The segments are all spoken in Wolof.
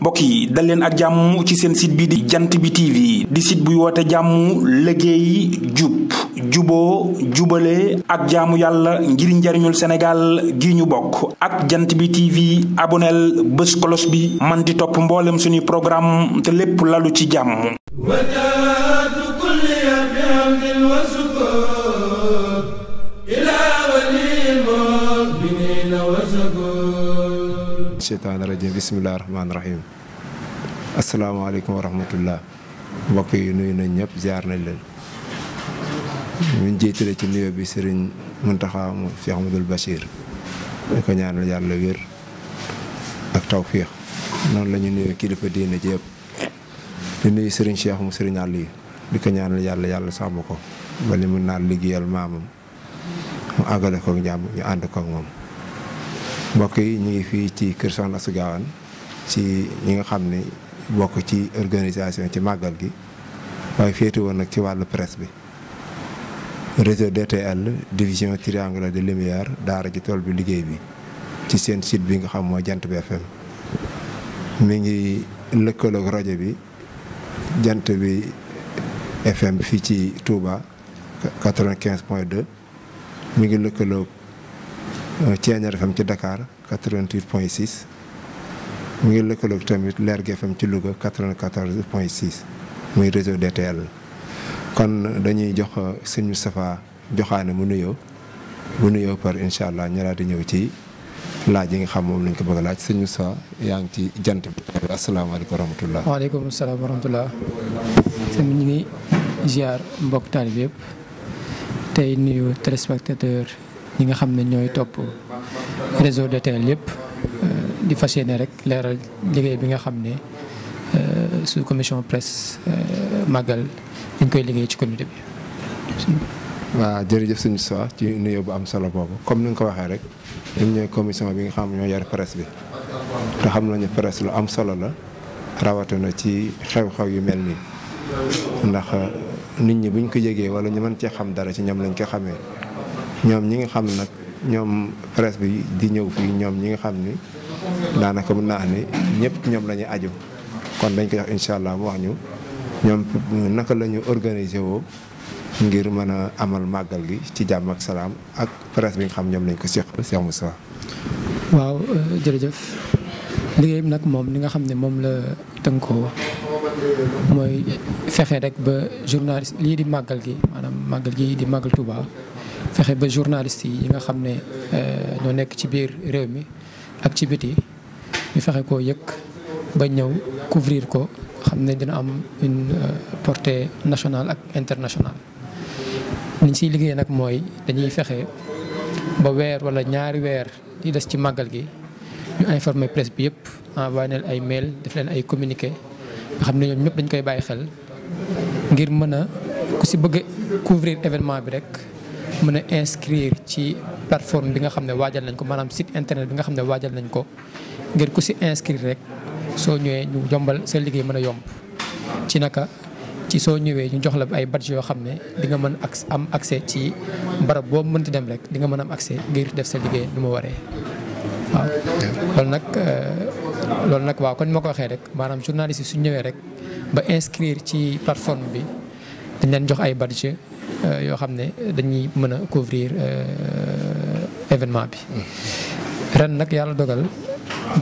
mbokk yi dal leen ak jàmm ci seen site bi di jant bi TV di site buy woote jàmm liggéey jub juboo jubale ak jaamu yàlla ngir njariñul Sénégal gi ñu bokk ak jant bi TV aboneel bés colos bi man di topp mboolem sunuy programme te lépp lalu ci jàmm. syaitan rajim bismillahirrahmanirrahim assalamu rahim asalaamaaleykum wa rahmatullah mbokk yi nuyu nañ ñep ziar nañ leen ñu jiitale ci nuyoo bi serigne muntaha mu Cheikh Ahmadul bashir di ko ñaanal yalla anu wër ak tawfiq non anu lañu ñu nuyoo kilifa diina ji yëpp di nuyu serigne Cheikh mu serigne ali di ko ñaanal yalla yalla sàmm ko ba mu naan liggéeyal mamam mu ko ñam ñu and ko ak mom mbokk yi ñu ngi fii ci kër Soxna su ci ñi nga xam ni bokk ci organisation ci màggal gi waaye féete woon nag ci wàllu press bi réseau DTL division triangle de lumière daara ji tool bi liggéey bi ci seen site bi nga xam mooy Jant bi FM mi ngi lëkkalook rajo bi Jant bi FM fii ci Touba 95 point 2 mi ngi lëkkaloog. Thiéniere euh, FM ci dakaar 88 point 6 mu ngi lëkkaloog tamit Lergui fam ci Louga 94 point 6 muy réseau DTL kon dañuy jox euh, sëñ safaa joxaane mu nuyoo bu nuyoo par incha allah ñu di ñëw ci laaj yi nga xam moom lañ ko bëgg a laaj sëñ Moustapha yaa ngi ci jant bi asalaamaaleykum wa rahmatulah. waaleykum salaam wa rahmatulah. sëñ bi ñu ngi ziar mbokk taalibe yëpp tey nuyu téléspectateur. ñi nga xam ne ñooy topp réseau DTL yëpp euh, di fas yéene rek leeral liggéey bi nga xam ne euh, sous commission presse euh, màggal dañ koy liggéey ci comité bi. waaw jërëjëf suñu soix ci nuyoo bu am solo boobu comme ni nga ko waxee rek ñun ñooy commission bi nga xam ñoo yar presse bi te xam nañu presse lu am solo la rawatina ci xew-xew yu mel nii ndax nit ñi buñ ko yëgee wala ñu mën cee xam dara ci ñoom lañ ko xamee. ñoom ñi nga xam nag ñoom presse bi di ñëw fii ñoom ñi nga xam ni daanaka mën naa ni ñëpp ñoom la ñuy aju kon dañ ko jox incha allah mu wax ñu ñoom naka la ñu organisé woo ngir mën a amal màggal gi ci jàmm ak salaam ak presse bi nga xam ñoom lañ ko seq Cheikh Moussa. waaw jërëjëf liggéeyam nag moom li nga xam ne moom la ko mooy fexe rek ba journaliste lii di màggal gi maanaam màggal gi di màggal Touba. fexe ba journaliste yi nga xam ne ñoo nekk ci biir réew mi ak ci biti ñu fexe koo yëg ba ñëw couvrir ko xam ne dina am une portée nationale ak internationale liñ siy liggéey nag mooy dañuy fexe ba weer wala ñaari weer yi des ci màggal gi ñu informer presse bi yëpp envoyé leen ay mail def leen ay communiqué nga xam ne ñoom ñëpp dañ koy bàyyi xel ngir mën a ku si bëgg couvrir événement bi rek mëna inscrire ci plateforme bi nga xam wajal malam nañ ko manam site internet bi nga xam wajal nañ ko ngir ku si inscrire rek so ñëwee ñu jombal sa liggéey mëna yomb ci naka ci so ñëwee ñu jox la ay badge yo xam ne di nga mëna am accès ci barab boo mënti dem rek di nga mëna am accès ngir def sa liggéey duma waré lool nak lool nak waaw euh, kon rek manam journaliste su ñëwee rek ba inscrire ci plateforme bi dañ leen jox ay badge Euh, yoo xam ne dañuy mën a couvrir euh, événement bi ren nag yàlla dogal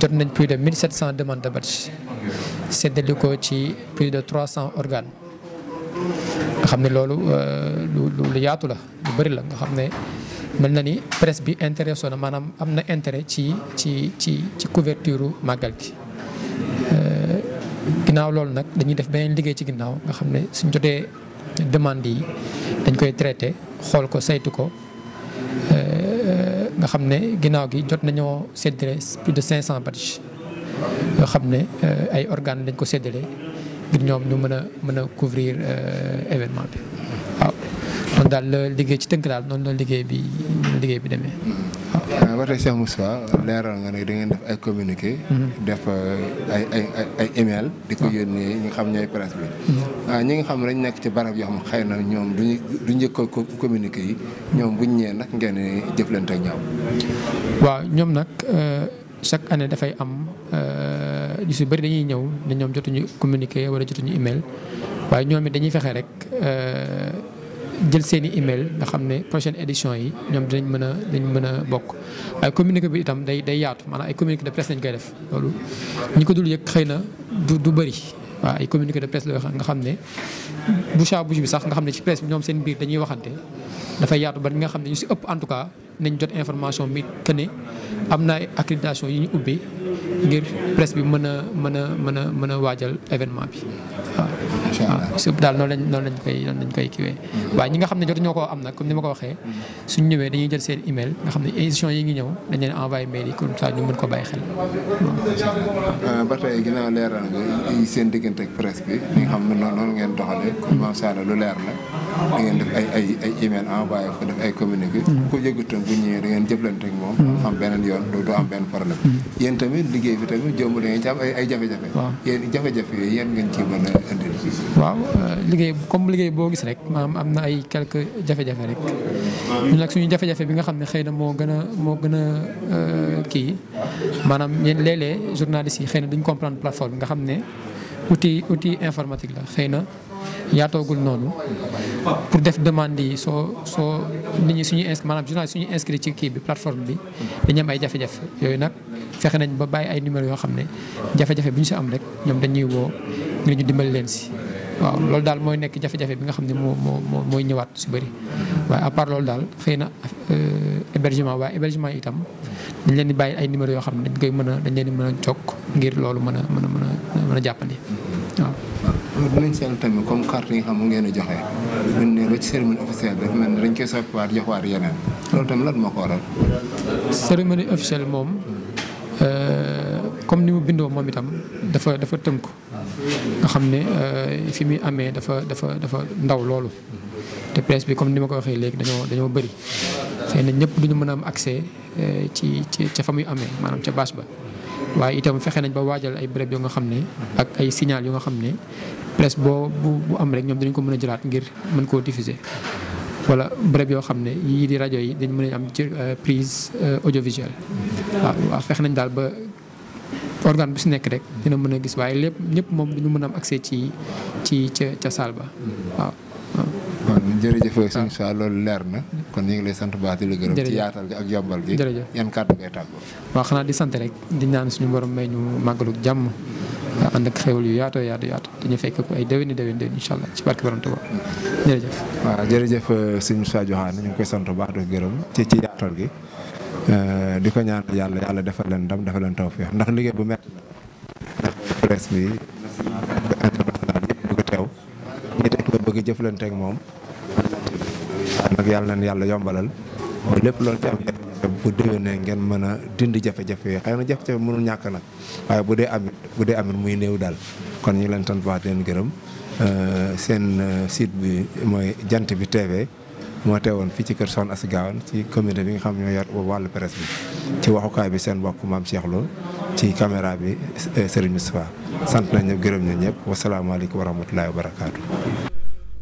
jot nañ plus de 1700 demandes de badge séddale ko ci plus de 300 organes nga xam ne loolu euh, lu lu yaatu la lu bëri la nga xam ne mel na ni presse bi intéresso na maanaam am na intérêt ci ci ci ci couverture màggal gi ginnaaw loolu nag dañuy def beneen liggéey ci ginnaaw nga xam ne suñ jotee demande yi dañ koy traité xool ko saytu ko euh, nga xam ne ginnaaw gi jot nañoo séddale plus de 500 badge yoo xam ne euh, ay organes dañ ko séddale ngir ñoom ñu mën a mën a couvrir euh, événement bi waaw. noonu daal liggéey ci tënk daal noonu la liggéey bi liggéey bi demee. waaw ah, ba tey Cheikh Moussa leeral nga ne di ngeen def ay communiqué. Mm-hmm. def euh, ay ay ay email di ko yónnee ñi nga xam ñooy presse bi. Mm-hmm. Ah, ñi nga xam dañ nekk ci barab yoo xam xëy na ñoom du ñu du njëkkoon ko communiqué yi. ñoom buñ ñëwee nag ngeen di jëflante ak waaw ñoom nag euh, chaque année dafay am euh, ñu si bëri dañuy ñëw ne ñoom jotuñu communiqué wala jotuñu email waaye ñoom it dañuy fexe rek. jël seen i email nga xam ne prochaine édition yi ñoom dinañ mën a dinañ mën a bokk waaye communiqué bi itam day day yaatu maanaam ay communiqué de presse lañ koy def loolu ñu ko dul yëg xëy na du du bëri waaw ay communiqué de presse la nga xam ne bouche à bi sax nga xam ne ci presse bi ñoom seen biir dañuy waxante dafay yaatu ba nga xam ne ñu si ëpp en tout cas nañ jot information bi que ne am na ay accréditation yu ñu ubbi ngir presse bi mën a mën a mën a mën a waajal événement bi waaw. waaw su daal noonu lañ noonu lañ koy noonu lañ koy kiwee waaye ñi nga xam ne jot ñoo ko am na comme ni ma ko waxee suñu ñëwee dañuy jël seen email nga xam ne édition yi ngi ñëw dañu leen envoyé mail yi comme ça ñu mën ko bàyyi xel euh, ba gën a leeral nga seen diggante ak presse bi li xam ne noonu ngeen doxalee comme macha lu leer la da ngeen def ay ay ay email envoyé ko def ay communiqué. Mm. ku ko yëgutoon bu ñu da ngeen jëflante ak moom. Mm. am beneen yoon du am benn problème. Mm. yéen tamit liggéey bi tamit jëmb da ngeen ci am ay ay jafe-jafe. waaw yéen yooyu yéen ngeen ciy mën a waaw euh, liggéey comme liggéey boo gis rek am na ay quelques jafe rek ñu suñu jafe-jafe bi nga xam ne xëy na moo gën a moo gën a euh, kii maanaam yéen léeg-léeg journalistes yi xëy na duñ comprendre plateforme bi nga xam ne. outil outil informatique la xëy na yaatoogul noonu pour def demande yi soo soo nit ñi suñu ins maanaam journal suñu inscrit ci kii bi plateforme bi dañ am ay jafe-jafe yooyu nag fexe nañ ba bàyyi ay numéro yoo xam ne jafe-jafe bu ñu si am rek ñoom dañuy woo ngir ñu dimbali leen si waaw loolu daal mooy nekk jafe bi nga xam ne moo moo mooy ñëwaat su bëri waaye à loolu daal xëy na euh, hébergement waaye hébergement itam dañ leen di bàyyi ay numéro yoo xam ne dañ koy mën a dañ leen di mën a jokk ngir loolu mën a mën a mën a mën a jàppandi waaw dinañ seen tamit comme carte yi nga xam mu ngeen a joxe buñ ne ci cérémonie officielle dafa mel ne dañ koy soppiwaat joxwaat yeneen loolu tamit lan moo ko waral. cérémonie officielle moom euh, comme ni mu bindoo moom itam dafa dafa tënku nga xam ne euh, fi muy amee dafa dafa dafa ndaw loolu te presse bi comme ni ma ko waxee léegi dañoo dañoo bëri xëy na ñëpp duñu mën a am accès euh, ci ci ca fa muy amee maanaam ca bâche ba. waaye itam fexe nañ ba waajal ay béréb yoo nga xam ne ak ay signal yu nga xam ne presque boo bu am rek ñoom dinañ ko mën a jëlaat ngir mën koo diffuser. wala béréb yoo xam ne yii di rajo yi dañ mën a am ci euh, prise euh, audiovisuelle waaw waaw fexe nañ daal ba organe bu si nekk rek dina mën a gis waaye lépp ñëpp moom duñu mën a am accès ci ci ca ca salle ba waaw. kon jërëjëf sëñ Sa loolu leer na kon ñu ngi lay sant baax di la gërëm ci yaatal ak yombal gi yan kàddu ngay tàggoo waaw di sant rek di ñaan suñu borom may ñu màggalu jàmm ànd ak xewal yu yaatoo yaatu yaatu dañu fekk ko ay déwéni déwén déwén incha allah ci barke borom Tuubaa jërëjëf waaw jërëjëf euh, sëñ Sa Joxaane ñu ngi koy sant baax di gërëm ci ci yaatal gi euh, di ko ñaan yàlla yàlla defal leen ndam defal leen tawfeex ndax liggéey bu metti la ndax bi bëgg jëflante ak moom nag yàlla na yàlla yombalal mooy lépp loolu ci ngeen mën a dindi jafe-jafe yi xëy na jafe-jafe mënul ñàkk nag waaye bu dee amit bu dee amit muy néew daal kon ñu leen sant baax leen gërëm euh, seen euh, sit bi mooy jant bi TV moo woon fii ci kër Soxna Asi ci comité bi nga xam ñoo yor wàll presse bi ci waxukaay bi seen bokk maam Cheikh ci caméra bi euh, Serigne Moustapha sant nañ ñëpp gërëm nañ ñëpp wasalaamaaleykum wa rahmatullahi wa barakaatu.